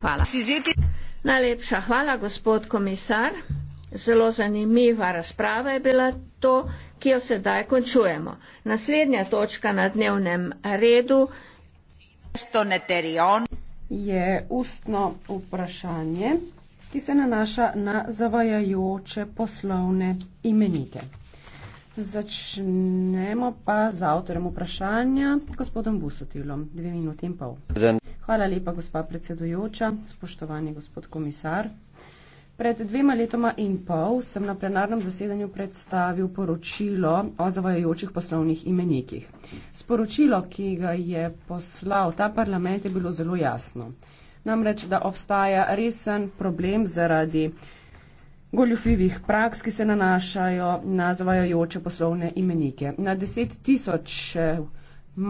Hvala. Najlepša hvala, gospod komisar. Zelo zanimiva razprava je bila to, ki jo sedaj končujemo. Naslednja točka na dnevnem redu je ustno vprašanje, ki se nanaša na zavajajoče poslovne imenike. Začnemo pa z avtorem vprašanja, gospodom Busotilom, dve minuti in pol. Hvala lepa, gospa predsedujoča, spoštovani gospod komisar. Pred dvema letoma in pol sem na plenarnem zasedanju predstavil poročilo o zavajajočih poslovnih imenikih. Sporočilo, ki ga je poslal ta parlament, je bilo zelo jasno. Namreč, da obstaja resen problem zaradi goljufivih praks, ki se nanašajo na zavajajoče poslovne imenike. Na deset tisoč eh,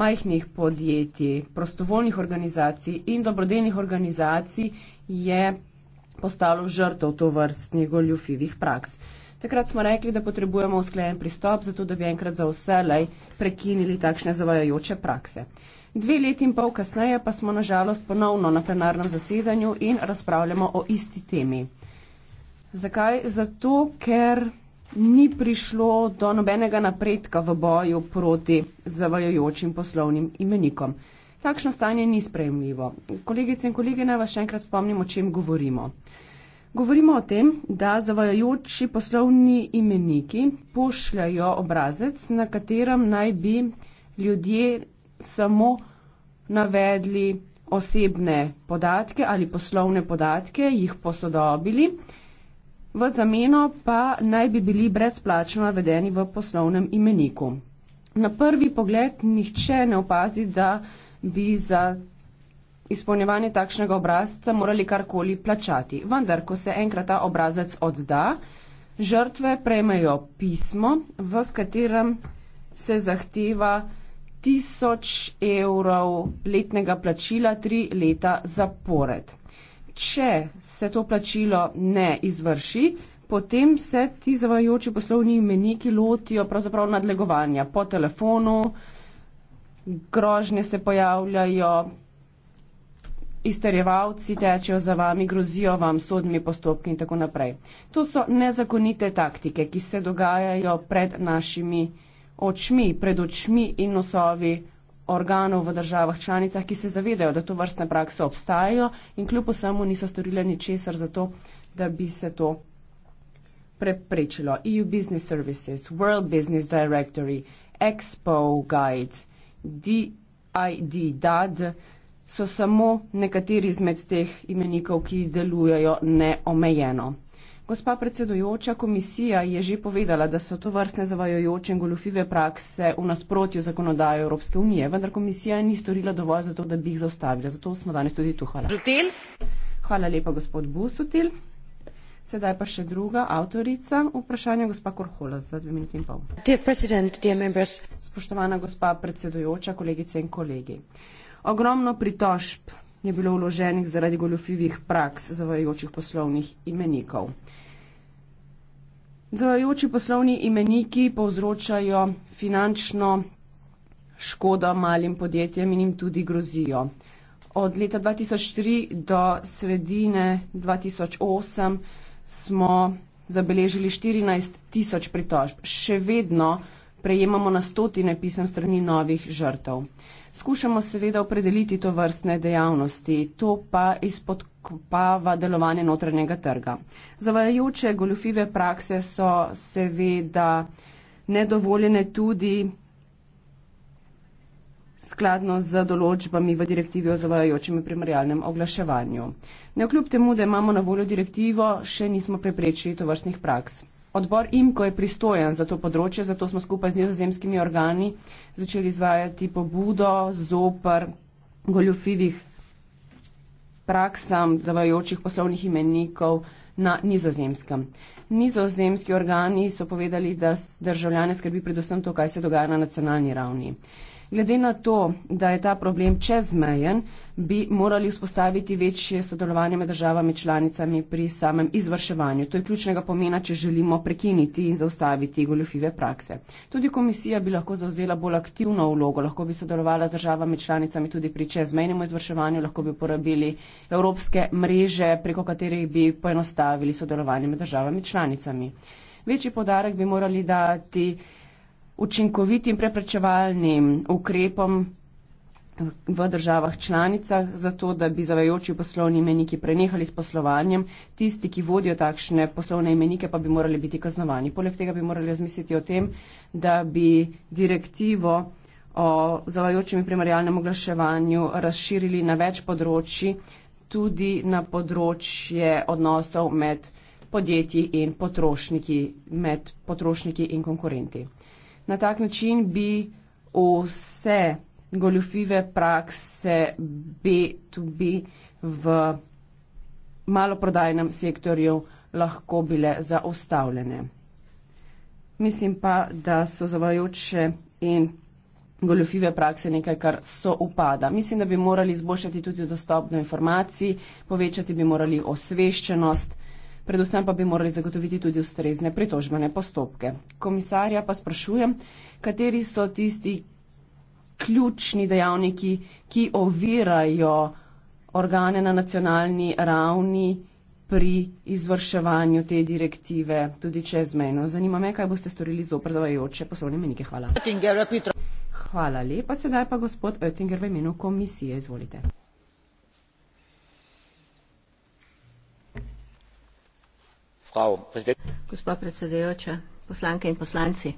majhnih podjetij, prostovoljnih organizacij in dobrodelnih organizacij je postalo žrtov to vrstni goljufivih praks. Takrat smo rekli, da potrebujemo usklejen pristop, zato da bi enkrat za vselej prekinili takšne zavajajoče prakse. Dve leti in pol kasneje pa smo nažalost ponovno na plenarnem zasedanju in razpravljamo o isti temi. Zakaj? Zato, ker ni prišlo do nobenega napredka v boju proti zavajojočim poslovnim imenikom. Takšno stanje ni sprejemljivo. Kolegice in kolege, naj vas še enkrat spomnim, o čem govorimo. Govorimo o tem, da zavajajoči poslovni imeniki pošljajo obrazec, na katerem naj bi ljudje samo navedli osebne podatke ali poslovne podatke, jih posodobili v zameno pa naj bi bili brezplačno navedeni v poslovnem imeniku. Na prvi pogled nihče ne opazi, da bi za izpolnjevanje takšnega obrazca morali karkoli plačati. Vendar, ko se enkrat ta obrazec odda, žrtve prejmejo pismo, v katerem se zahteva tisoč evrov letnega plačila tri leta zapored če se to plačilo ne izvrši, potem se ti zavajajoči poslovni imeniki lotijo pravzaprav nadlegovanja po telefonu, grožnje se pojavljajo, isterjevalci tečejo za vami, grozijo vam sodnimi postopki in tako naprej. To so nezakonite taktike, ki se dogajajo pred našimi očmi, pred očmi in nosovi organov v državah članicah, ki se zavedajo, da to vrstne prakse obstajajo in kljub vsemu niso storile ničesar za to, da bi se to preprečilo. EU Business Services, World Business Directory, Expo Guide, DID, DAD so samo nekateri izmed teh imenikov, ki delujejo neomejeno. Gospa predsedujoča, komisija je že povedala, da so to vrstne zavajojoče in golofive prakse v nasprotju zakonodajo Evropske unije, vendar komisija ni storila dovolj za to, da bi jih zaustavila. Zato smo danes tudi tu. Hvala. Žutil. Hvala lepa, gospod Busutil. Sedaj pa še druga avtorica vprašanja, gospa Korhola, za dve minuti in pol. Dear dear Spoštovana gospa predsedujoča, kolegice in kolegi. Ogromno pritožb je bilo vloženih zaradi goljofivih praks zavajajočih poslovnih imenikov. Zavajajoči poslovni imeniki povzročajo finančno škodo malim podjetjem in jim tudi grozijo. Od leta 2003 do sredine 2008 smo zabeležili 14 tisoč pritožb. Še vedno prejemamo na stotine pisem strani novih žrtev. Skušamo seveda opredeliti to vrstne dejavnosti, to pa izpodkopava delovanje notranjega trga. Zavajajoče goljufive prakse so seveda nedovoljene tudi skladno z določbami v direktivi o zavajajočem primarjalnem oglaševanju. Ne okljub temu, da imamo na voljo direktivo, še nismo preprečili to vrstnih praks. Odbor IMKO je pristojen za to področje, zato smo skupaj z nizozemskimi organi začeli izvajati pobudo zoper goljofivih praksam zavajajočih poslovnih imenikov na nizozemskem. Nizozemski organi so povedali, da državljane skrbi predvsem to, kaj se dogaja na nacionalni ravni. Glede na to, da je ta problem čezmejen, bi morali vzpostaviti večje sodelovanje med državami članicami pri samem izvrševanju. To je ključnega pomena, če želimo prekiniti in zaustaviti goljofive prakse. Tudi komisija bi lahko zauzela bolj aktivno vlogo, lahko bi sodelovala z državami članicami tudi pri čezmejnem izvrševanju, lahko bi uporabili evropske mreže, preko katerih bi poenostavili sodelovanje med državami članicami. Večji podarek bi morali dati učinkovitim preprečevalnim ukrepom v državah članicah, zato da bi zavajoči poslovni imeniki prenehali s poslovanjem, tisti, ki vodijo takšne poslovne imenike, pa bi morali biti kaznovani. Poleg tega bi morali razmisliti o tem, da bi direktivo o zavajočem in primarjalnem oglaševanju razširili na več področji, tudi na področje odnosov med podjetji in potrošniki, med potrošniki in konkurenti na tak način bi vse goljufive prakse B2B v maloprodajnem sektorju lahko bile zaustavljene. Mislim pa, da so zavajoče in goljofive prakse nekaj, kar so upada. Mislim, da bi morali izboljšati tudi dostop do informacij, povečati bi morali osveščenost, predvsem pa bi morali zagotoviti tudi ustrezne pritožbene postopke. Komisarja pa sprašujem, kateri so tisti ključni dejavniki, ki ovirajo organe na nacionalni ravni pri izvrševanju te direktive, tudi čezmejno. Zanima me, kaj boste storili z oprezavajoče poslovne menike. Hvala. Hvala lepa, sedaj pa gospod Oettinger v imenu komisije. Izvolite. izpostavil. Gospa predsedujoča, poslanke in poslanci.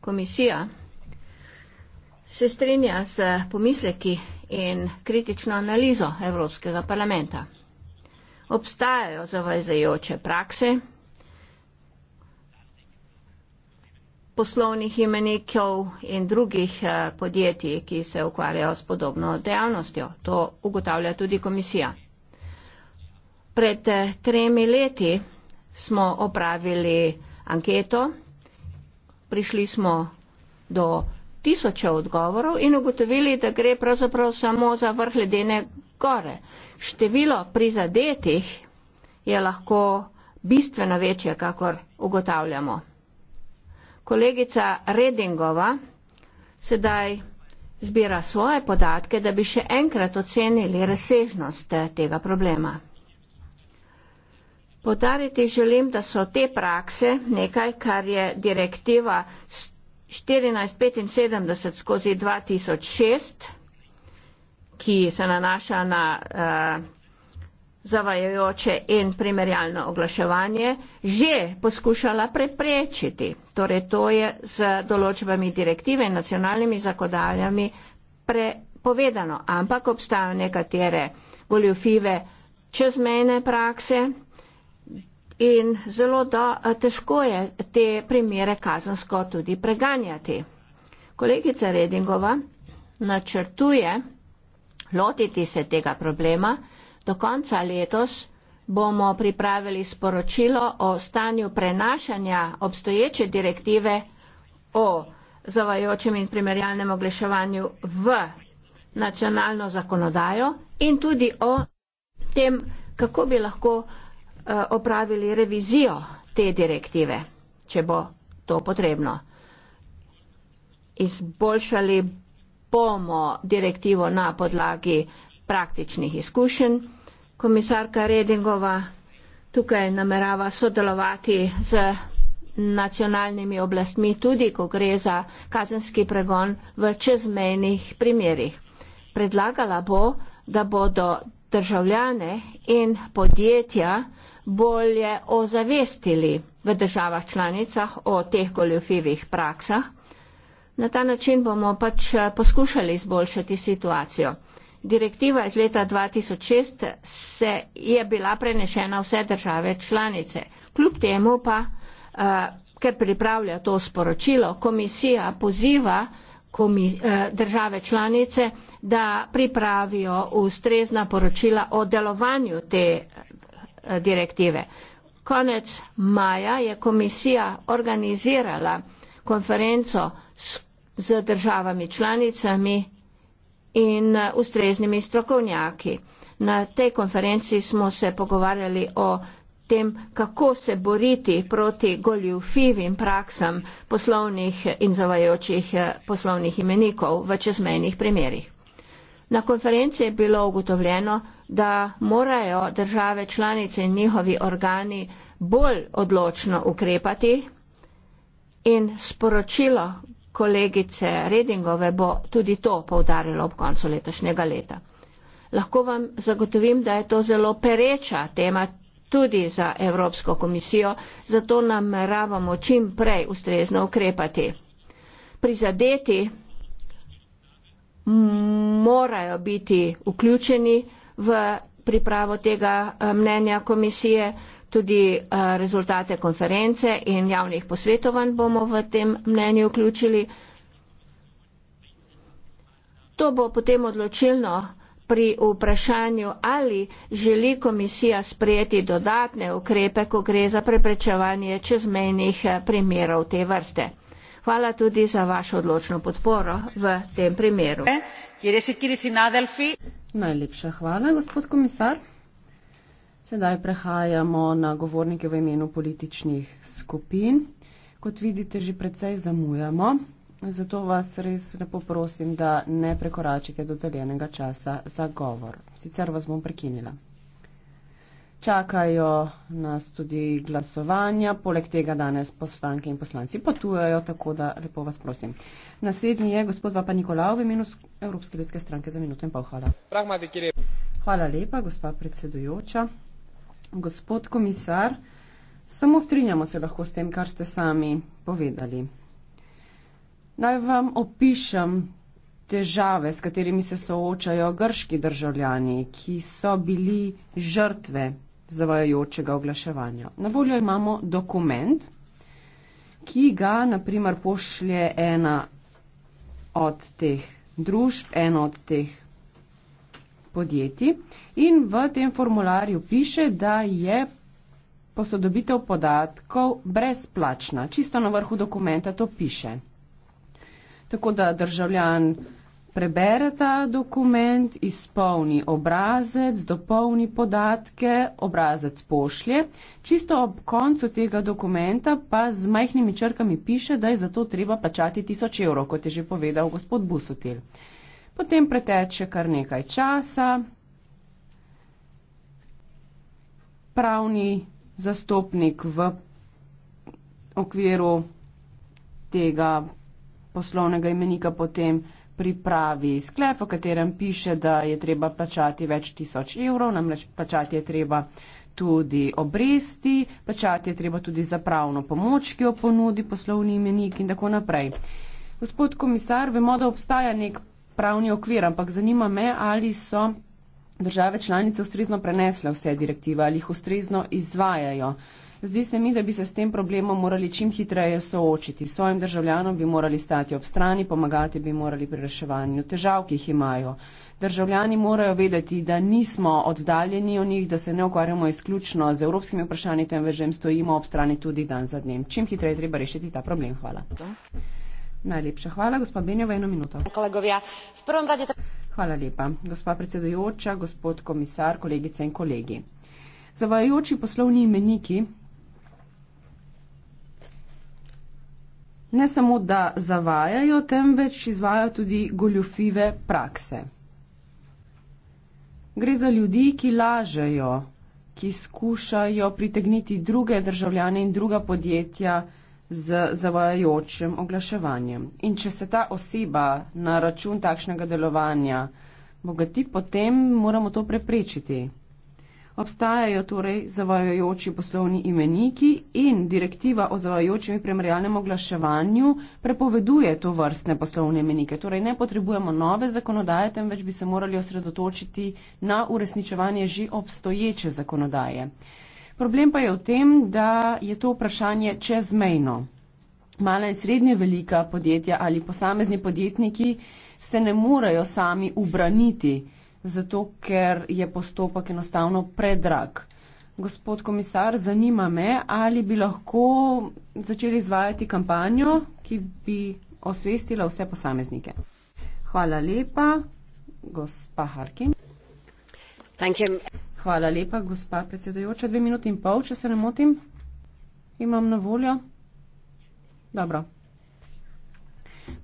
Komisija se strinja s pomisleki in kritično analizo Evropskega parlamenta. Obstajajo zavezajoče prakse poslovnih imenikov in drugih eh, podjetij, ki se ukvarjajo s podobno dejavnostjo. To ugotavlja tudi komisija. Pred eh, tremi leti smo opravili anketo, prišli smo do tisoče odgovorov in ugotovili, da gre pravzaprav samo za vrh ledene gore. Število prizadetih je lahko bistveno večje, kakor ugotavljamo. Kolegica Redingova sedaj zbira svoje podatke, da bi še enkrat ocenili razsežnost eh, tega problema. Podariti želim, da so te prakse nekaj, kar je direktiva 1475 skozi 2006, ki se nanaša na uh, zavajajoče in primerjalno oglaševanje, že poskušala preprečiti. Torej, to je z določbami direktive in nacionalnimi zakodaljami prepovedano. Ampak obstajajo nekatere goljofive čezmejne prakse in zelo da, težko je te primere kazansko tudi preganjati. Kolegica Redingova načrtuje lotiti se tega problema. Do konca letos bomo pripravili sporočilo o stanju prenašanja obstoječe direktive o zavajočem in primerjalnem oglaševanju v nacionalno zakonodajo in tudi o tem, kako bi lahko Eh, opravili revizijo te direktive, če bo to potrebno. Izboljšali bomo direktivo na podlagi praktičnih izkušenj. Komisarka Redingova tukaj namerava sodelovati z nacionalnimi oblastmi, tudi ko gre za kazenski pregon v čezmejnih primerjih. Predlagala bo, da bodo državljane in podjetja bolje ozavestili v državah članicah o teh goljofivih praksah. Na ta način bomo pač eh, poskušali izboljšati situacijo. Direktiva iz leta 2006 se je bila prenešena vse države članice. Kljub temu pa, eh, ker pripravlja to sporočilo, komisija poziva eh, države članice, da pripravijo ustrezna poročila o delovanju te Eh, direktive. Konec maja je komisija organizirala konferenco s, z državami članicami in eh, ustreznimi strokovnjaki. Na tej konferenci smo se pogovarjali o tem, kako se boriti proti goljufivim praksam poslovnih in zavajočih eh, poslovnih imenikov v čezmejnih primerih. Na konferenci je bilo ugotovljeno, da morajo države članice in njihovi organi bolj odločno ukrepati in sporočilo kolegice Redingove bo tudi to povdarilo ob koncu letošnjega leta. Lahko vam zagotovim, da je to zelo pereča tema tudi za Evropsko komisijo, zato nameravamo čim prej ustrezno ukrepati. Prizadeti morajo biti vključeni v pripravo tega eh, mnenja komisije, tudi eh, rezultate konference in javnih posvetovanj bomo v tem mnenju vključili. To bo potem odločilno pri vprašanju, ali želi komisija sprejeti dodatne ukrepe, ko gre za preprečevanje čezmejnih eh, primerov te vrste. Hvala tudi za vašo odločno podporo v tem primeru. Najlepša hvala, gospod komisar. Sedaj prehajamo na govornike v imenu političnih skupin. Kot vidite, že precej zamujamo, zato vas res lepo prosim, da ne prekoračite dotaljenega časa za govor. Sicer vas bom prekinila. Čakajo nas tudi glasovanja, poleg tega danes poslanke in poslanci potujejo, tako da lepo vas prosim. Naslednji je gospod Papa Nikolao v imenu Evropske ljudske stranke za minuto in pol. Hvala. Hvala lepa, gospa predsedujoča. Gospod komisar, samo strinjamo se lahko s tem, kar ste sami povedali. Naj vam opišem težave, s katerimi se soočajo grški državljani, ki so bili žrtve zavajajočega oglaševanja. Na voljo imamo dokument, ki ga naprimer pošlje ena od teh družb, ena od teh podjetij in v tem formularju piše, da je posodobitev podatkov brezplačna. Čisto na vrhu dokumenta to piše. Tako da državljan prebere ta dokument, izpolni obrazec, dopolni podatke, obrazec pošlje. Čisto ob koncu tega dokumenta pa z majhnimi črkami piše, da je za to treba plačati 1000 evrov, kot je že povedal gospod Busutil. Potem preteče kar nekaj časa, pravni zastopnik v okviru tega poslovnega imenika potem pripravi sklep, v katerem piše, da je treba plačati več tisoč evrov, namreč plačati je treba tudi obresti, plačati je treba tudi za pravno pomoč, ki jo ponudi poslovni imenik in tako naprej. Gospod komisar, vemo, da obstaja nek pravni okvir, ampak zanima me, ali so države članice ustrezno prenesle vse direktive, ali jih ustrezno izvajajo. Uh, Zdi se mi, da bi se s tem problemom morali čim hitreje soočiti. Svojim državljanom bi morali stati ob strani, pomagati bi morali pri reševanju težav, ki jih imajo. Državljani morajo vedeti, da nismo oddaljeni od njih, da se ne ukvarjamo izključno z evropskimi vprašanji, temveč jim stojimo ob strani tudi dan za dnem. Čim hitreje je treba rešiti ta problem. Hvala. Najlepša hvala, gospod Benjo, v eno minuto. Hvala lepa, gospa predsedujoča, gospod komisar, kolegice in kolegi. Zavajajoči poslovni imeniki ne samo, da zavajajo, temveč izvajajo tudi goljofive prakse. Gre za ljudi, ki lažejo, ki skušajo pritegniti druge državljane in druga podjetja z zavajajočim oglaševanjem. In če se ta oseba na račun takšnega delovanja bogati, potem moramo to preprečiti obstajajo torej zavajajoči poslovni imeniki in direktiva o zavajajočem primerjalnem oglaševanju prepoveduje to vrstne poslovne imenike. Torej ne potrebujemo nove zakonodaje, temveč bi se morali osredotočiti na uresničevanje že obstoječe zakonodaje. Problem pa je v tem, da je to vprašanje čezmejno. Mala in srednje velika podjetja ali posamezni podjetniki se ne morejo sami ubraniti zato ker je postopek enostavno predrag. Gospod komisar, zanima me, ali bi lahko začeli izvajati kampanjo, ki bi osvestila vse posameznike. Hvala lepa, gospa Harkin. Hvala lepa, gospa predsedojoča. Dve minuti in pol, če se ne motim, imam na voljo. Dobro.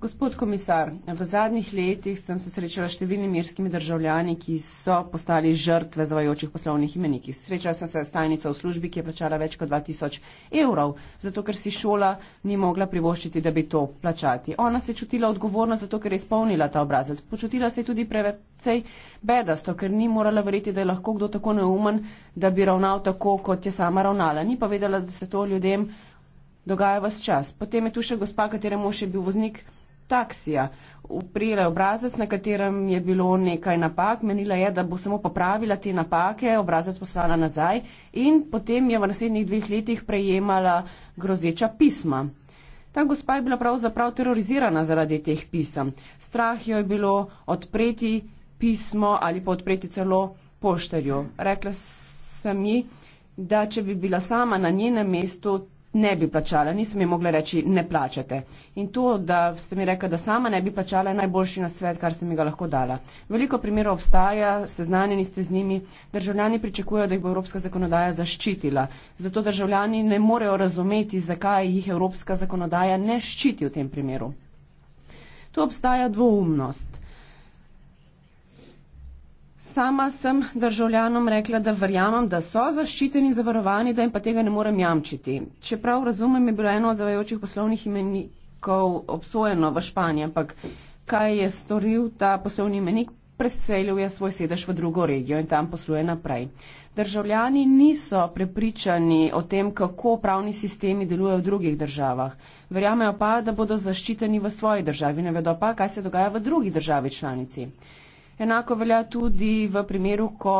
Gospod komisar, v zadnjih letih sem se srečala s številnimi irskimi državljani, ki so postali žrtve zavajočih poslovnih imenik. Srečala sem se s tajnico v službi, ki je plačala več kot 2000 evrov, zato ker si šola ni mogla privoščiti, da bi to plačati. Ona se je čutila odgovorna, zato ker je izpolnila ta obrazac. Počutila se je tudi precej bedasto, ker ni morala verjeti, da je lahko kdo tako neumen, da bi ravnal tako, kot je sama ravnala. Ni pa vedela, da se to ljudem dogaja vse čas. Potem je tu še gospa, katere mož je bil voznik taksija. Uprila je obrazec, na katerem je bilo nekaj napak, menila je, da bo samo popravila te napake, obrazec poslala nazaj in potem je v naslednjih dveh letih prejemala grozeča pisma. Ta gospa je bila pravzaprav terorizirana zaradi teh pisem. Strah jo je bilo odpreti pismo ali pa odpreti celo poštarju. Rekla sem ji, da če bi bila sama na njenem mestu, ne bi plačala, nisem ji mogla reči, ne plačate. In to, da sem ji rekla, da sama ne bi plačala, je najboljši na svet, kar sem ji ga lahko dala. Veliko primerov obstaja, seznanjeni ste z njimi, državljani pričakujejo, da jih bo evropska zakonodaja zaščitila. Zato državljani ne morejo razumeti, zakaj jih evropska zakonodaja ne ščiti v tem primeru. Tu obstaja dvoumnost sama sem državljanom rekla, da verjamem, da so zaščiteni in zavarovani, da jim pa tega ne morem jamčiti. Čeprav razumem, je bilo eno od zavajočih poslovnih imenikov obsojeno v Španiji, ampak kaj je storil ta poslovni imenik? Preselil je svoj sedež v drugo regijo in tam posluje naprej. Državljani niso prepričani o tem, kako pravni sistemi delujejo v drugih državah. Verjamejo pa, da bodo zaščiteni v svoji državi, ne vedo pa, kaj se dogaja v drugi državi članici. Enako velja tudi v primeru, ko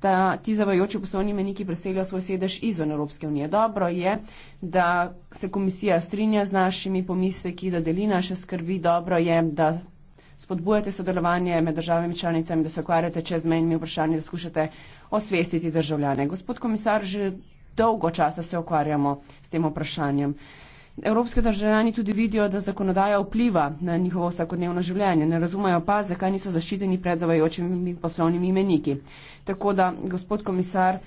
ta, ti zavajajoči poslovni meniki preselijo svoj sedež izven Evropske unije. Dobro je, da se komisija strinja z našimi pomisleki, da deli naše skrbi. Dobro je, da spodbujate sodelovanje med državami članicami, da se ukvarjate čez menjimi vprašanji, da skušate osvestiti državljane. Gospod komisar, že dolgo časa se ukvarjamo s tem vprašanjem. Evropske državljani tudi vidijo, da zakonodaja vpliva na njihovo vsakodnevno življenje. Ne razumejo pa, zakaj niso zaščiteni pred zavajočimi poslovnimi imeniki. Tako da, gospod komisar,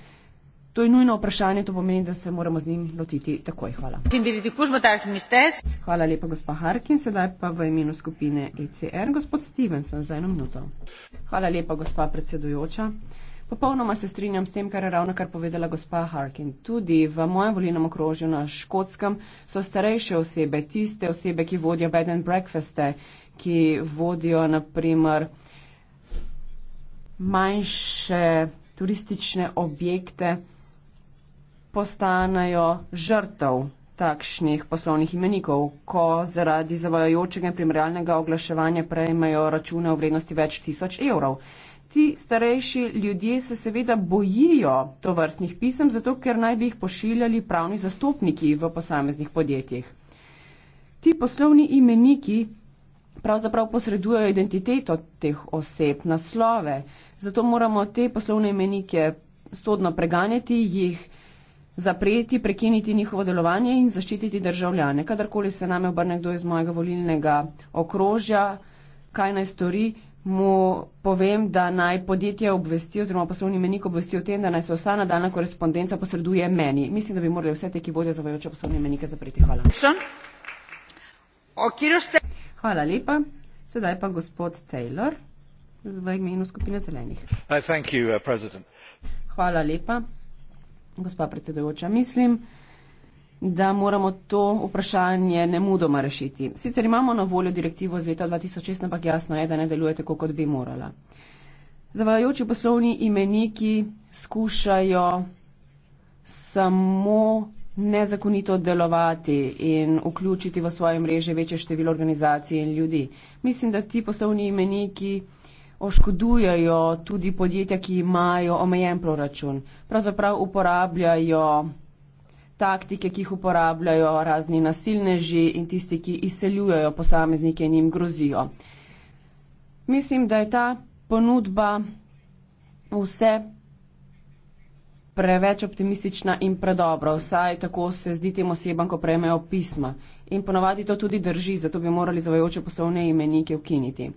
to je nujno vprašanje, to pomeni, da se moramo z njim lotiti takoj. Hvala. Hvala lepa, gospod Harkin. Sedaj pa v imenu skupine ECR, gospod Stevenson, za eno minuto. Hvala lepa, gospod predsedujoča. Popolnoma se strinjam s tem, kar je ravno kar povedala gospa Harkin. Tudi v mojem volilnem okrožju na Škotskem so starejše osebe, tiste osebe, ki vodijo bed and breakfaste, ki vodijo naprimer manjše turistične objekte, postanejo žrtev takšnih poslovnih imenikov, ko zaradi zavajajočega in primerjalnega oglaševanja prejmejo račune v vrednosti več tisoč evrov. Ti starejši ljudje se seveda bojijo to vrstnih pisem, zato ker naj bi jih pošiljali pravni zastopniki v posameznih podjetjih. Ti poslovni imeniki pravzaprav posredujejo identiteto teh oseb, naslove, zato moramo te poslovne imenike sodno preganjati, jih zapreti, prekiniti njihovo delovanje in zaščititi državljane. Kadarkoli se name obrne kdo iz mojega volilnega okrožja, kaj naj stori, mu povem, da naj podjetje obvesti oziroma poslovni menik obvesti o tem, da naj se vsa nadaljna korespondenca posreduje meni. Mislim, da bi morali vse te, ki vodijo zavajoče poslovne menike, zapreti. Hvala. Hvala lepa. Sedaj pa gospod Taylor v imenu skupine zelenih. Uh, Hvala lepa, gospod predsedujoča. Mislim, da moramo to vprašanje ne mudoma rešiti. Sicer imamo na voljo direktivo z leta 2006, ampak jasno je, da ne deluje tako, kot bi morala. Zavajajoči poslovni imeniki skušajo samo nezakonito delovati in vključiti v svoje mreže večje število organizacij in ljudi. Mislim, da ti poslovni imeniki oškodujajo tudi podjetja, ki imajo omejen proračun. Pravzaprav uporabljajo taktike, ki jih uporabljajo razni nasilneži in tisti, ki izseljujejo posameznike in jim grozijo. Mislim, da je ta ponudba vse preveč optimistična in predobra, vsaj tako se zdi tem osebam, ko prejmejo pisma. In ponovadi to tudi drži, zato bi morali zavajoče poslovne imenike ukiniti.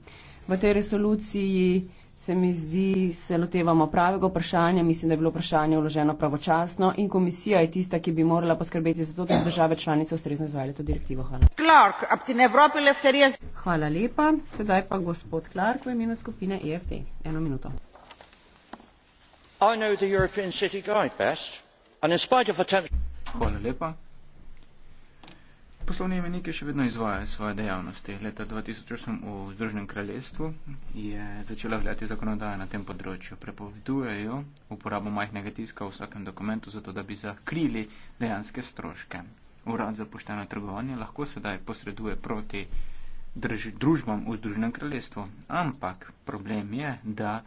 V tej resoluciji se mi zdi, se lotevamo pravega vprašanja. Mislim, da je bilo vprašanje vloženo pravočasno in komisija je tista, ki bi morala poskrbeti za to, da so države članice ustrezno izvajale to direktivo. Hvala. Clark, Hvala lepa. Sedaj pa gospod Clark v imenu skupine EFT. Eno minuto. Hvala lepa. Poslovni imenik je še vedno izvajal svoje dejavnosti. Leta 2008 v Združenem kraljestvu je začela veljati zakonodaja na tem področju. Prepovedujejo uporabo majhnega tiska v vsakem dokumentu, zato da bi zakrili dejanske stroške. Urad za pošteno trgovanje lahko sedaj posreduje proti drž družbam v Združenem kraljestvu, ampak problem je, da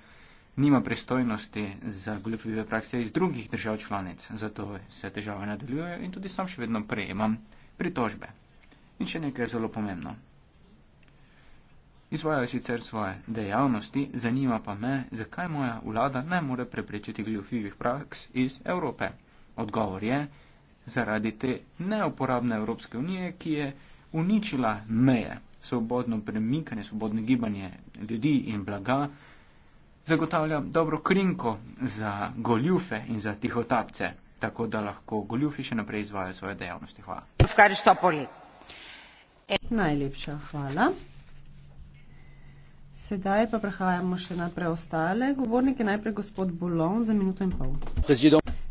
nima pristojnosti za goljofljive prakse iz drugih držav članic, zato se težave nadaljujejo in tudi sam še vedno prejemam pritožbe. In še nekaj zelo pomembno. Izvajajo sicer svoje dejavnosti, zanima pa me, zakaj moja vlada ne more preprečiti goljofljivih praks iz Evrope. Odgovor je, zaradi te neuporabne Evropske unije, ki je uničila meje, svobodno premikanje, svobodno gibanje ljudi in blaga, zagotavljam dobro krinko za goljufe in za tihotapce, tako da lahko goljufi še naprej izvajo svoje dejavnosti. Hvala. Najlepša hvala. Sedaj pa prehajamo še na preostale govornike. Najprej gospod Bulon za minuto in pol.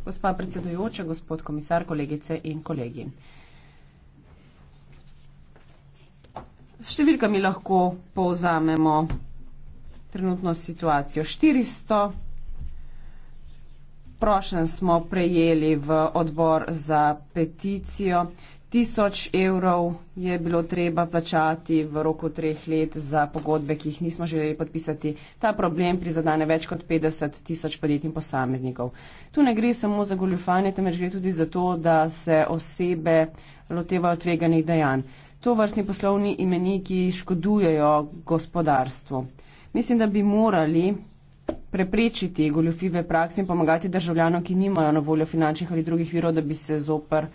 Gospa predsedujoča, gospod komisar, kolegice in kolegi. S številkami lahko povzamemo trenutno situacijo. 400 prošen smo prejeli v odbor za peticijo. Tisoč evrov je bilo treba plačati v roku treh let za pogodbe, ki jih nismo želeli podpisati. Ta problem prizadane več kot 50 tisoč podjetij in posameznikov. Tu ne gre samo za goljufanje, temveč gre tudi za to, da se osebe lotevajo tveganih dejanj. To vrstni poslovni imeniki škodujejo gospodarstvu. Mislim, da bi morali preprečiti goljofive prakse in pomagati državljanom, ki nimajo na voljo finančnih ali drugih virov, da bi se zopr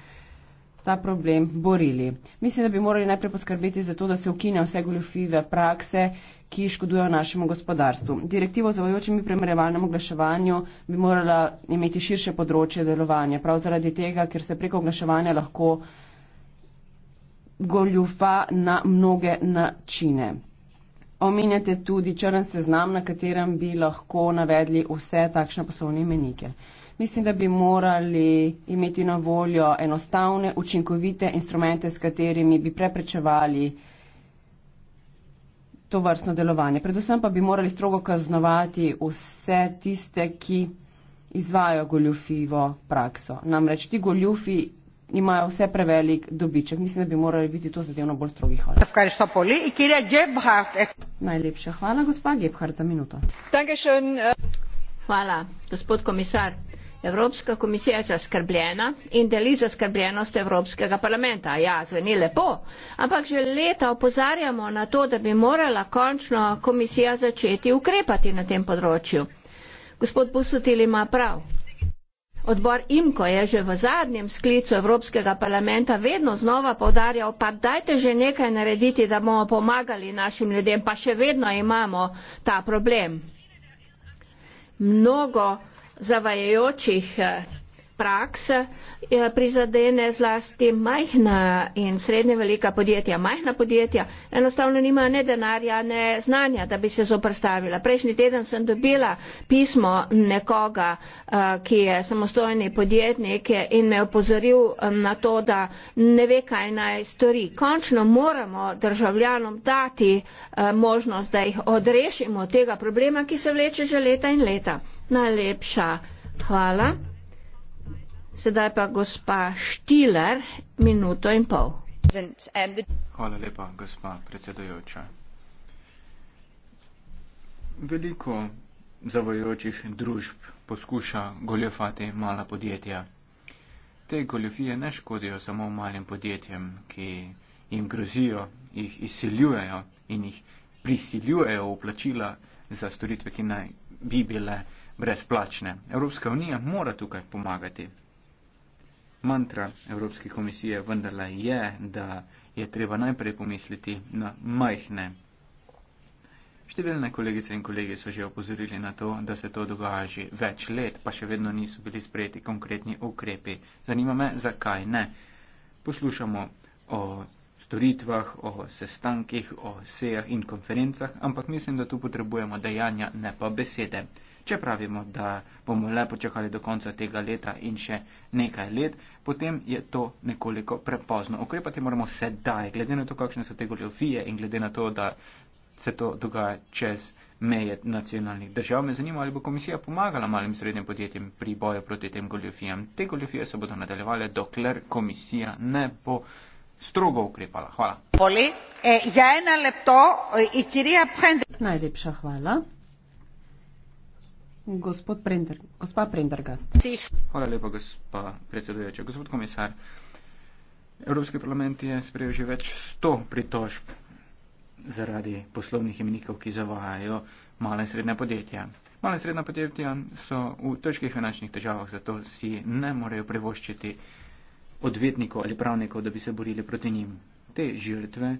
ta problem borili. Mislim, da bi morali najprej poskrbeti za to, da se ukine vse goljofive prakse, ki škodujo našemu gospodarstvu. Direktivo o zavajočem in premerevalnem oglaševanju bi morala imeti širše področje delovanja, prav zaradi tega, ker se preko oglaševanja lahko goljufa na mnoge načine omenjate tudi črn seznam, na katerem bi lahko navedli vse takšne poslovne imenike. Mislim, da bi morali imeti na voljo enostavne, učinkovite instrumente, s katerimi bi preprečevali to vrstno delovanje. Predvsem pa bi morali strogo kaznovati vse tiste, ki izvajo goljufivo prakso. Namreč ti goljufi imajo vse prevelik dobiček. Mislim, da bi morali biti to zadevno bolj strogi. Hvala. Najlepša hvala, gospa Gebhardt, za minuto. Hvala, gospod komisar. Evropska komisija je zaskrbljena in deli zaskrbljenost Evropskega parlamenta. Ja, zveni lepo, ampak že leta opozarjamo na to, da bi morala končno komisija začeti ukrepati na tem področju. Gospod Busutil ima prav. Odbor IMKO je že v zadnjem sklicu Evropskega parlamenta vedno znova povdarjal, pa dajte že nekaj narediti, da bomo pomagali našim ljudem, pa še vedno imamo ta problem. Mnogo zavajajočih eh, praks, Eh, prizadene zlasti majhna in srednje velika podjetja. Majhna podjetja enostavno nima ne denarja, ne znanja, da bi se zoprstavila. Prejšnji teden sem dobila pismo nekoga, eh, ki je samostojni podjetnik in me opozoril na to, da ne ve, kaj naj stori. Končno moramo državljanom dati eh, možnost, da jih odrešimo tega problema, ki se vleče že leta in leta. Najlepša hvala. Sedaj pa gospa Štiler, minuto in pol. Hvala lepa, gospa predsedajoča. Veliko zavojočih družb poskuša goljofati mala podjetja. Te goljofije ne škodijo samo malim podjetjem, ki jim grozijo, jih izsiljujejo in jih prisiljujejo v plačila za storitve, ki naj bi bile brezplačne. Evropska unija mora tukaj pomagati mantra Evropske komisije vendarle je, da je treba najprej pomisliti na majhne. Številne kolegice in kolegi so že opozorili na to, da se to dogaja že več let, pa še vedno niso bili sprejeti konkretni ukrepi. Zanima me, zakaj ne. Poslušamo o storitvah, o sestankih, o sejah in konferencah, ampak mislim, da tu potrebujemo dejanja, ne pa besede. Če pravimo, da bomo le počakali do konca tega leta in še nekaj let, potem je to nekoliko prepozno. Okrepati moramo sedaj, glede na to, kakšne so te goljofije in glede na to, da se to dogaja čez meje nacionalnih držav. Me zanima, ali bo komisija pomagala malim srednjim podjetjem pri boju proti tem goljofijam. Te goljofije se bodo nadaljevale, dokler komisija ne bo strogo ukrepala. Hvala. E, ja, e, Najlepša hvala. Gospod Prender, gospa Prendergast. Hvala lepa, gospa predsedujoča. Gospod komisar, Evropski parlament je sprejel že več sto pritožb zaradi poslovnih imenikov, ki zavajajo male in srednje podjetja. Male in srednje podjetja so v težkih finančnih težavah, zato si ne morejo privoščiti odvetnikov ali pravnikov, da bi se borili proti njim. Te žrtve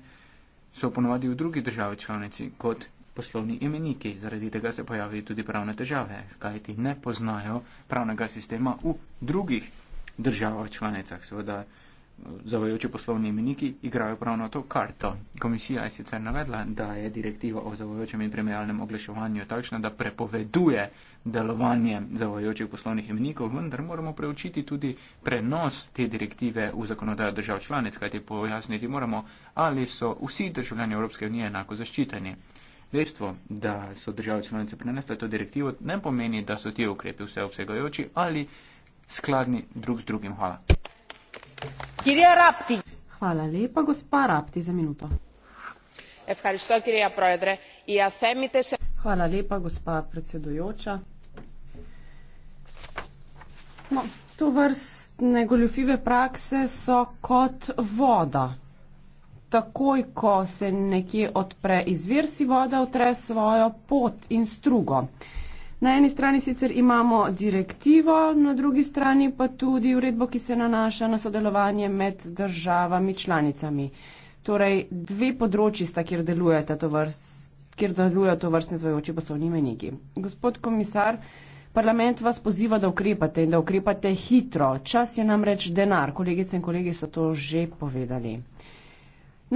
so ponovadi v drugi državi članici kot poslovni imeniki, zaradi tega se pojavijo tudi pravne težave, kajti ne poznajo pravnega sistema v drugih državah članicah. Seveda zavajajoči poslovni imeniki igrajo pravno to karto. Komisija je sicer navedla, da je direktiva o zavajajočem in premijalnem oglaševanju takšna, da prepoveduje delovanje zavajajočih poslovnih imenikov, vendar moramo preučiti tudi prenos te direktive v zakonodajo držav članic, kajti pojasniti moramo, ali so vsi državljani Evropske unije enako zaščiteni. Dejstvo, da so države članice prenesle to direktivo, ne pomeni, da so ti ukrepi vseobsegajoči ali skladni drug z drugim. Hvala. Κυρία Ράπτη. Χαλά λίπα, γοσπά Ράπτη, σε μινούτο. Ευχαριστώ, κυρία Πρόεδρε. Οι αθέμητες... Χαλά λίπα, γοσπά Πρετσεντοϊότσα. Μα, το βαρς νεγολουφίβε πράξε σο κοτ βόδα. Takoj, ko se nekje odpre izvir, si voda utre svojo pot in strugo. Uh, Na eni strani sicer imamo direktivo, na drugi strani pa tudi uredbo, ki se nanaša na sodelovanje med državami članicami. Torej, dve področji sta, kjer delujejo to, deluje to vrstne zvojoči poslovni meniki. Gospod komisar, parlament vas poziva, da ukrepate in da ukrepate hitro. Čas je namreč denar. Kolegice in kolegi so to že povedali.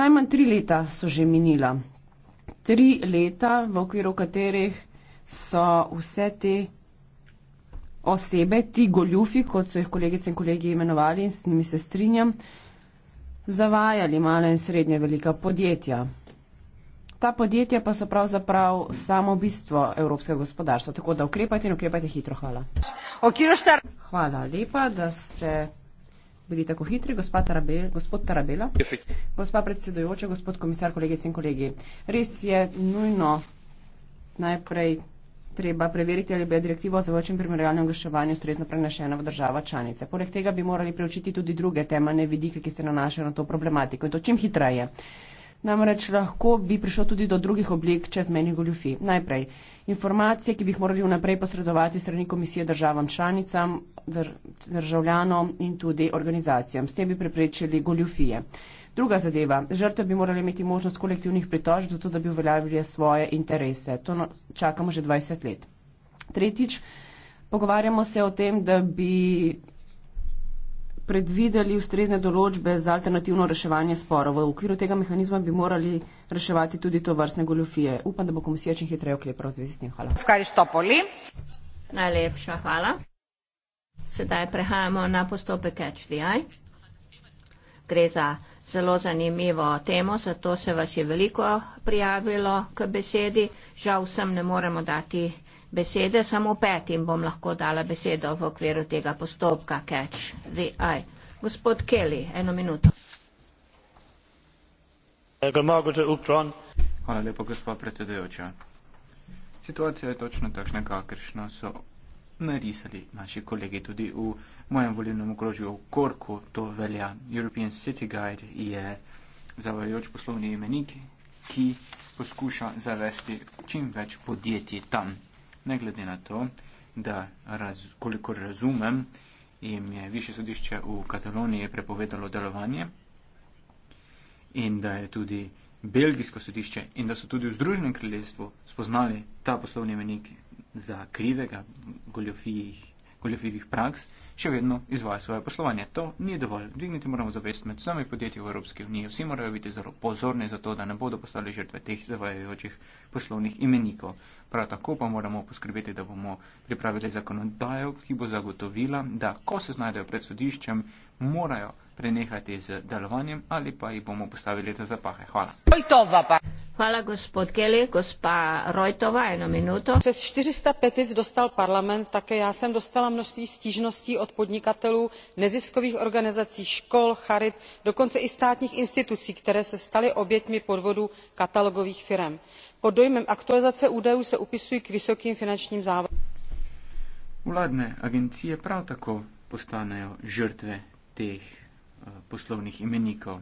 Najmanj tri leta so že minila. Tri leta, v okviru katerih so vse te osebe, ti goljufi, kot so jih kolegice in kolegi imenovali in s njimi se strinjam, zavajali male in srednje velika podjetja. Ta podjetja pa so pravzaprav samo bistvo evropskega gospodarstva, tako da ukrepajte in ukrepajte hitro. Hvala. Hvala lepa, da ste bili tako hitri, Tarabel, gospod Tarabela. Gospa predsedujoča, gospod komisar, kolegice in kolegi. Res je nujno najprej treba preveriti, ali bi direktivo o zvočnem primerjalnem oglaševanju ustrezno prenešena v država članice. Poleg tega bi morali preučiti tudi druge temeljne vidike, ki se nanašajo na to problematiko in to čim hitreje. Uh, Namreč lahko bi prišlo tudi do drugih oblik čezmejnih goljufij. Najprej, informacije, ki bi jih morali vnaprej posredovati strani komisije državam članicam, dr državljanom in tudi organizacijam. S tem bi preprečili goljufije. Druga zadeva. Žrtve bi morali imeti možnost kolektivnih pritožb, zato da bi uveljavili svoje interese. To no, čakamo že 20 let. Tretjič, pogovarjamo se o tem, da bi predvideli ustrezne določbe za alternativno reševanje sporov. V okviru tega mehanizma bi morali reševati tudi to vrstne goljofije. Upam, da bo komisija čim hitreje oklepala v zvezi s tem. Hvala. Najlepša hvala. Sedaj prehajamo na postopek HDI. Gre za zelo zanimivo temo, zato se vas je veliko prijavilo k besedi. Žal vsem ne moremo dati besede, samo petim bom lahko dala besedo v okviru tega postopka Catch the Eye. Gospod Kelly, eno minuto. Hvala lepa, gospod predsedujoča. Situacija je točno takšna, kakršno so narisali naši kolegi tudi v mojem volilnem okrožju v Korku, to velja. European City Guide je zavajajoč poslovni imenik, ki poskuša zavesti čim več podjetij tam ne glede na to, da raz, koliko razumem, jim je više sodišče v Kataloniji prepovedalo delovanje in da je tudi belgijsko sodišče in da so tudi v Združenem kraljestvu spoznali ta poslovni menik za krivega, goljofijih goljofivih praks, še vedno izvaja svoje poslovanje. To ni dovolj. Dvigniti moramo zavest med sami podjetji v Evropski uniji. Vsi morajo biti zelo pozorni za to, da ne bodo postali žrtve teh zavajajočih poslovnih imenikov. Prav tako pa moramo poskrbeti, da bomo pripravili zakonodajo, ki bo zagotovila, da ko se znajdejo pred sodiščem, morajo prenehati z delovanjem ali pa jih bomo postavili za zapahe. Hvala. Hvala, gospod Kelly. Gospa Rojtova, eno minuto. Přes 400 petic dostal parlament, také já jsem dostala množství stížností od podnikatelů, neziskových organizací, škol, charit, dokonce i státních institucí, které se staly oběťmi podvodu katalogových firm. Pod dojmem aktualizace údajů se upisují k vysokým finančním závodům. Vládné agencie prav tako postanejo žrtve těch eh, poslovných imeníkov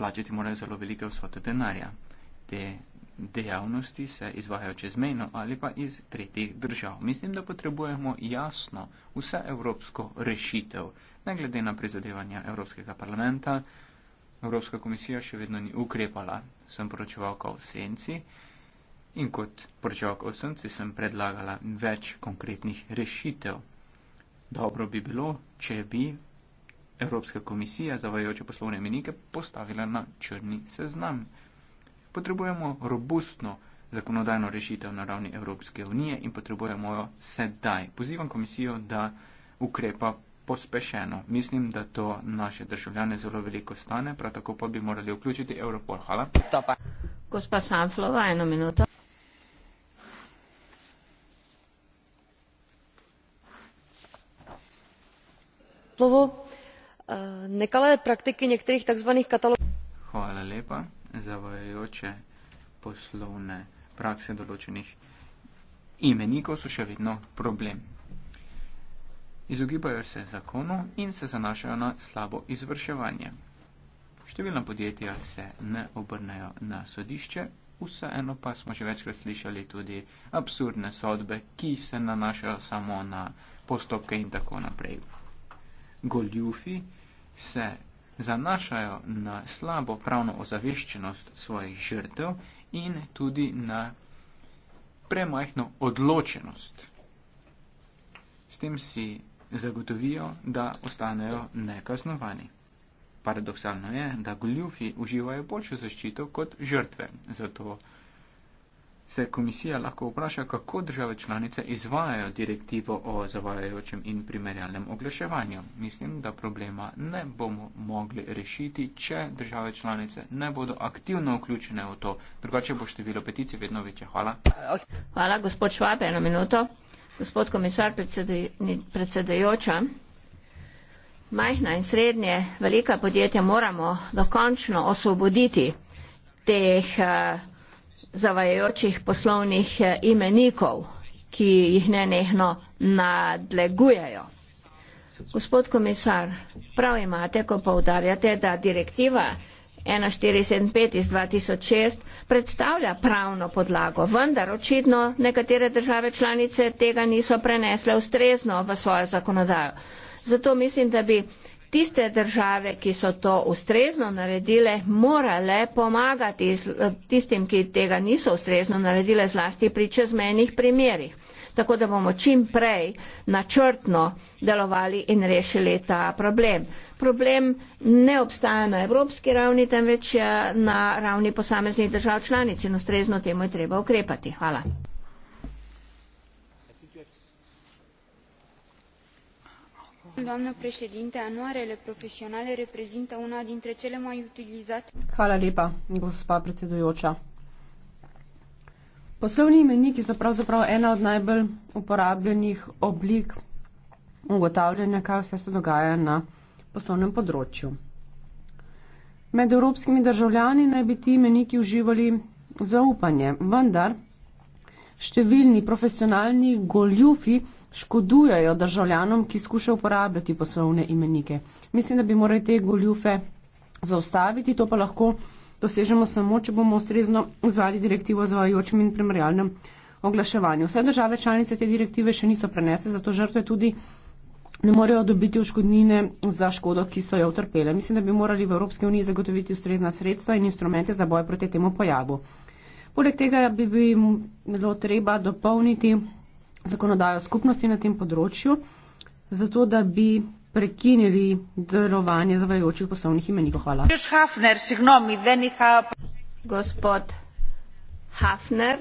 plačati morajo zelo velike vsote denarja. Te dejavnosti se izvajajo čezmejno ali pa iz tretjih držav. Mislim, da potrebujemo jasno vse evropsko rešitev. Ne glede na prizadevanja Evropskega parlamenta, Evropska komisija še vedno ni ukrepala. Sem poročevalka v senci in kot poročevalka v senci sem predlagala več konkretnih rešitev. Dobro bi bilo, če bi Evropska komisija zavajajoče poslovne menike postavila na črni seznam. Potrebujemo robustno zakonodajno rešitev na ravni Evropske unije in potrebujemo jo sedaj. Pozivam komisijo, da ukrepa pospešeno. Mislim, da to naše državljane zelo veliko stane, prav tako pa bi morali vključiti Evropol. Hvala. Gospa Sanflova, eno minuto. Slovo. Eh, nekalé praktiky některých takzvaných katalogů. Hvala lepa. Zavajajoče poslovne prakse določenih imenikov so še vedno problem. Izogibajo se zakonu in se zanašajo na slabo izvrševanje. Številna podjetja se ne obrnejo na sodišče, vseeno pa smo že večkrat slišali tudi absurdne sodbe, ki se nanašajo samo na postopke in tako naprej. Goljufi se zanašajo na slabo pravno ozaveščenost svojih žrtev in tudi na premajhno odločenost. S tem si zagotovijo, da ostanejo nekaznovani. Paradoksalno je, da goljufi uživajo boljšo zaščito kot žrtve, zato se komisija lahko vpraša, kako države članice izvajajo direktivo o zavajajočem in primerjalnem oglaševanju. Mislim, da problema ne bomo mogli rešiti, če države članice ne bodo aktivno vključene v to. Drugače bo število peticij vedno večje. Hvala. Hvala, gospod Švab, eno minuto. Gospod komisar, predsedujoča. Majhna in srednje velika podjetja moramo dokončno osvoboditi teh uh, zavajajočih poslovnih eh, imenikov, ki jih nenehno nadlegujejo. Gospod komisar, prav imate, ko povdarjate, da direktiva 1475 iz 2006 predstavlja pravno podlago, vendar očitno nekatere države članice tega niso prenesle ustrezno v svojo zakonodajo. Zato mislim, da bi tiste države, ki so to ustrezno naredile, morale pomagati eh, tistim, ki tega niso ustrezno naredile, zlasti pri čezmenih primerjih. Tako da bomo čim prej načrtno delovali in rešili ta problem. Problem ne obstaja na evropski ravni, temveč na ravni posameznih držav članic in ustrezno temu je treba ukrepati. Hvala. anuarele profesionale reprezintă una dintre cele mai utilizate. Hvala lepa, gospa predsedujoča. Poslovni imenik je pravzaprav ena od najbolj uporabljenih oblik ugotavljanja, kaj vse se dogaja na poslovnem področju. Med evropskimi državljani naj bi ti imeniki uživali zaupanje, vendar številni profesionalni goljufi škodujejo državljanom, ki skušajo uporabljati poslovne imenike. Mislim, da bi morali te goljufe zaustaviti, to pa lahko dosežemo samo, če bomo ustrezno izvali direktivo o zvajajočem in primarjalnem oglaševanju. Vse države članice te direktive še niso prenese, zato žrtve tudi ne morejo dobiti oškodnine za škodo, ki so jo utrpele. Mislim, da bi morali v Evropski uniji zagotoviti ustrezna sredstva in instrumente za boj proti temu pojavu. Poleg tega bi bilo treba dopolniti zakonodajo skupnosti na tem področju, zato da bi prekinili delovanje zavajajočih poslovnih imenikov. Hvala. Gospod Hafner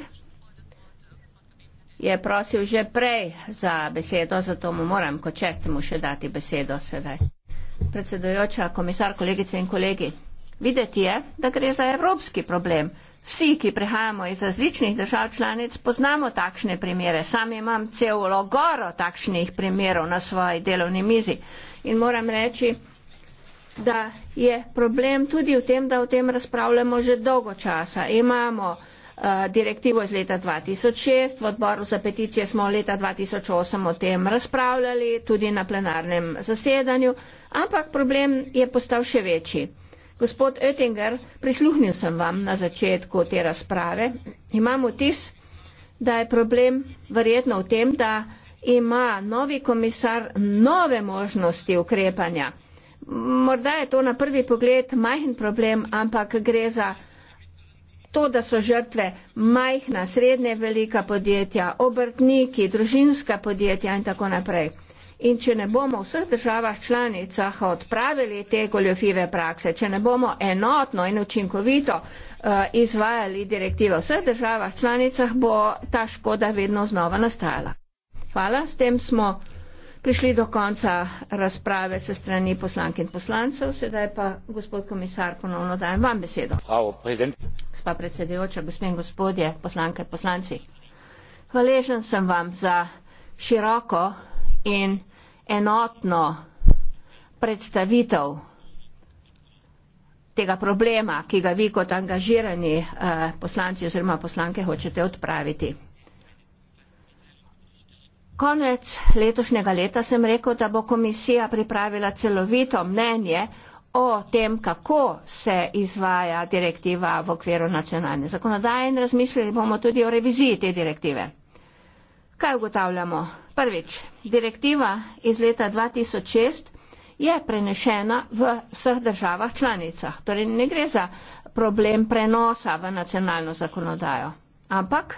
je prosil že prej za besedo, zato mu moram kot čestemu še dati besedo sedaj. Predsedujoča komisar, kolegice in kolegi, videti je, da gre za evropski problem. Vsi, ki prehajamo iz različnih držav članic, poznamo takšne primere. Sam imam celo goro takšnih primerov na svoji delovni mizi. In moram reči, da je problem tudi v tem, da o tem razpravljamo že dolgo časa. Imamo uh, direktivo iz leta 2006, v odboru za peticije smo leta 2008 o tem razpravljali, tudi na plenarnem zasedanju, ampak problem je postal še večji. Gospod Oettinger, prisluhnil sem vam na začetku te razprave. Imam vtis, da je problem verjetno v tem, da ima novi komisar nove možnosti ukrepanja. Morda je to na prvi pogled majhen problem, ampak gre za to, da so žrtve majhna, srednje velika podjetja, obrtniki, družinska podjetja in tako naprej. In če ne bomo v vseh državah članicah odpravili te goljofive prakse, če ne bomo enotno in učinkovito eh, izvajali direktive v vseh državah članicah, bo ta škoda vedno znova nastajala. Hvala, s tem smo prišli do konca razprave se strani poslank in poslancev. Sedaj pa, gospod komisar, ponovno dajem vam besedo. Hvala, predsednik. Gospa predsedujoča, gospe in gospodje, poslanke, poslanci. Hvaležen sem vam za široko in enotno predstavitev tega problema, ki ga vi kot angažirani eh, poslanci oziroma poslanke hočete odpraviti. Konec letošnjega leta sem rekel, da bo komisija pripravila celovito mnenje o tem, kako se izvaja direktiva v okviru nacionalne zakonodaje in razmislili bomo tudi o reviziji te direktive. Kaj ugotavljamo? Prvič, direktiva iz leta 2006 je prenešena v vseh državah članicah. Torej ne gre za problem prenosa v nacionalno zakonodajo, ampak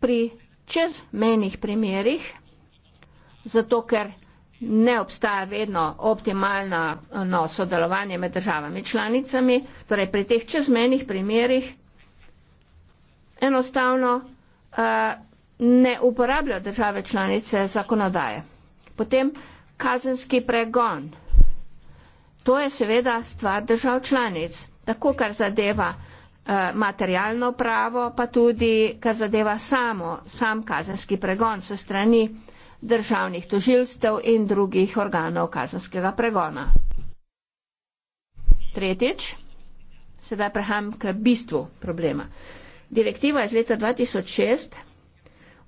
pri čezmenih primerih, zato ker ne obstaja vedno optimalno no, sodelovanje med državami članicami, torej pri teh čezmenih primerih enostavno uh, ne uporablja države članice zakonodaje. Potem kazenski pregon. To je seveda stvar držav članic, tako kar zadeva eh, materialno pravo, pa tudi kar zadeva samo, sam kazenski pregon se strani državnih tožilstev in drugih organov kazenskega pregona. Tretjič, sedaj prehajam k bistvu problema. Direktiva iz leta 2006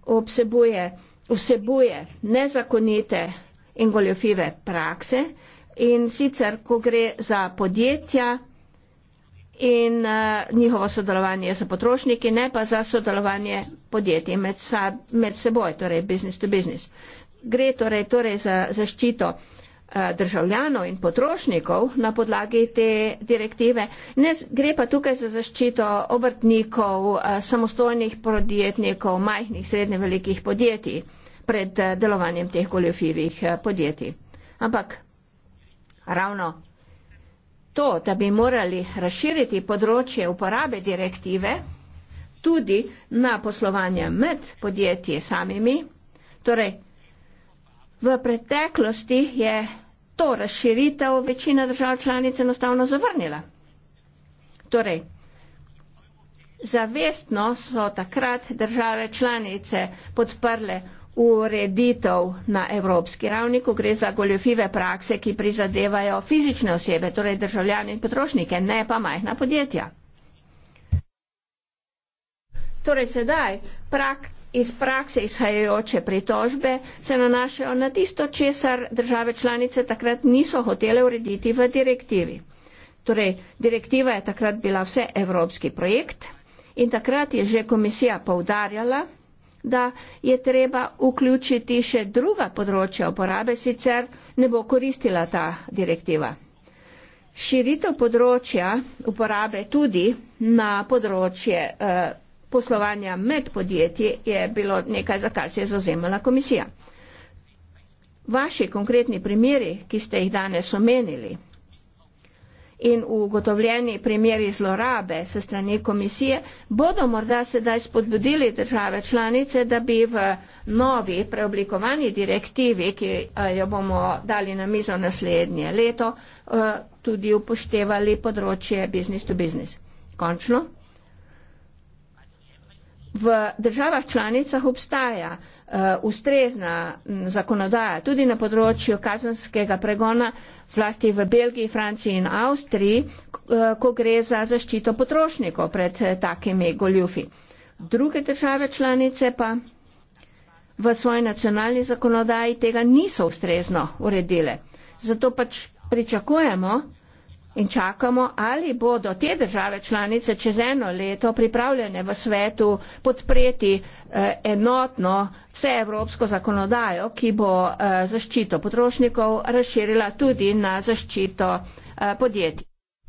obsebuje, vsebuje nezakonite in goljofive prakse in sicer, ko gre za podjetja in uh, njihovo sodelovanje za potrošniki, ne pa za sodelovanje podjetij med, sa, med seboj, torej business to business. Gre torej, torej za zaščito Eh, državljanov in potrošnikov na podlagi te direktive. Ne gre pa tukaj za zaščito obrtnikov, eh, samostojnih podjetnikov, majhnih, srednje velikih podjetij pred eh, delovanjem teh goljofivih podjetij. Ampak ravno to, da bi morali razširiti področje uporabe direktive tudi na poslovanje med podjetji samimi, torej v preteklosti je to razširitev večina držav članic enostavno zavrnila. Torej, zavestno so takrat države članice podprle ureditev na evropski ravni, ko gre za goljofive prakse, ki prizadevajo fizične osebe, torej državljane in potrošnike, ne pa majhna podjetja. Torej sedaj prak iz prakse izhajajoče pritožbe se nanašajo na tisto, česar države članice takrat niso hotele urediti v direktivi. Torej, direktiva je takrat bila vse evropski projekt in takrat je že komisija poudarjala, da je treba vključiti še druga področja uporabe, sicer ne bo koristila ta direktiva. Širitev področja uporabe tudi na področje eh, poslovanja med podjetji je bilo nekaj, za kar se je zauzemala komisija. Vaši konkretni primeri, ki ste jih danes omenili in ugotovljeni primeri zlorabe se strani komisije, bodo morda sedaj spodbudili države članice, da bi v novi preoblikovani direktivi, ki eh, jo bomo dali na mizo naslednje leto, eh, tudi upoštevali področje business to business. Končno v državah članicah obstaja uh, ustrezna m, zakonodaja tudi na področju kazanskega pregona, zlasti v Belgiji, Franciji in Avstriji, eh, ko gre za zaščito potrošnikov pred eh, takimi goljufi. Druge države članice pa v svoji nacionalni zakonodaji tega niso ustrezno uredile. Zato pač pričakujemo, in čakamo, ali bodo te države članice čez eno leto pripravljene v svetu podpreti eh, enotno vseevropsko zakonodajo, ki bo eh, zaščito potrošnikov razširila tudi na zaščito eh, podjetij.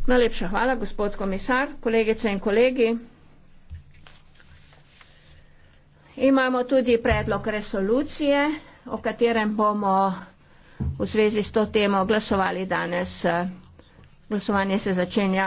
Najlepša hvala, gospod komisar, kolegice in kolegi. Imamo tudi predlog resolucije, o katerem bomo v zvezi s to temo glasovali danes. Eh, Glasovanje se začenja.